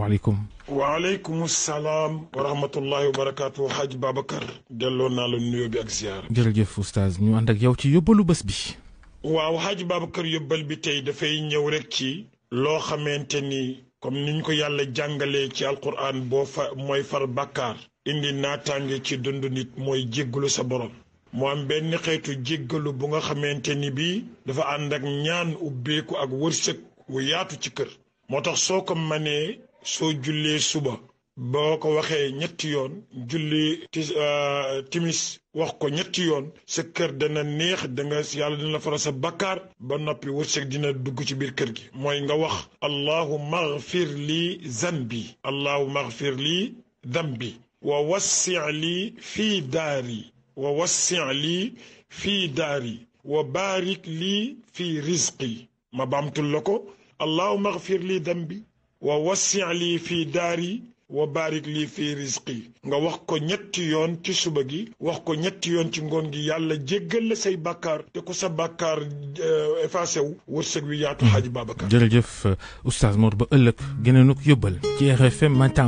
waaleykum waaleykum salaam wa rahmatullahi wa barakaatu Hadj Babacar delloo naa la nuyoo bi ak ziar jërëjëf oustaz ñu ànd ak yow ci yóbbalu bés bi waaw Hadj Babacar yóbbal bi tey dafay ñëw rek ci loo xamante ni comme niñ ko yàlla jàngalee ci alquran boo fa mooy far bàkkaar indi naataange ci dund nit mooy jéggalu sa borom moo am benn xeetu jéggalu bu nga xamante ni bi dafa ànd ak ñaan ubbeeku ak wërsëg wu yaatu ci kër moo tax soo ko manee so julle suba boko waxe waxee yoon julli timis wax ko ñetti yoon sa kër dana neex da nga yàlla dina la faral sa bakkaar ba nopi wërsëg dina dugg ci bir kër gi moy nga wax allahumma agfir li zambi allahumma agfir li zambi wa wassi li fi dari wa wassi li fi dari wa barik li fi rizqi ma bamtul lako ko allahumma agfir li dambi ووسع لي في داري وبارك لي في رزقي nga wax ko ñetti yoon ci suba gi wax ko ñetti yoon ci ngoon gi yàlla jéggal la say bàkkaar te ko sa bàkkaar effacé wu wërsëg wi yaatu xaaji Babacar jërëjëf oustaz Mor ba ëllëg gëneenuk yóbbal ci RFM matin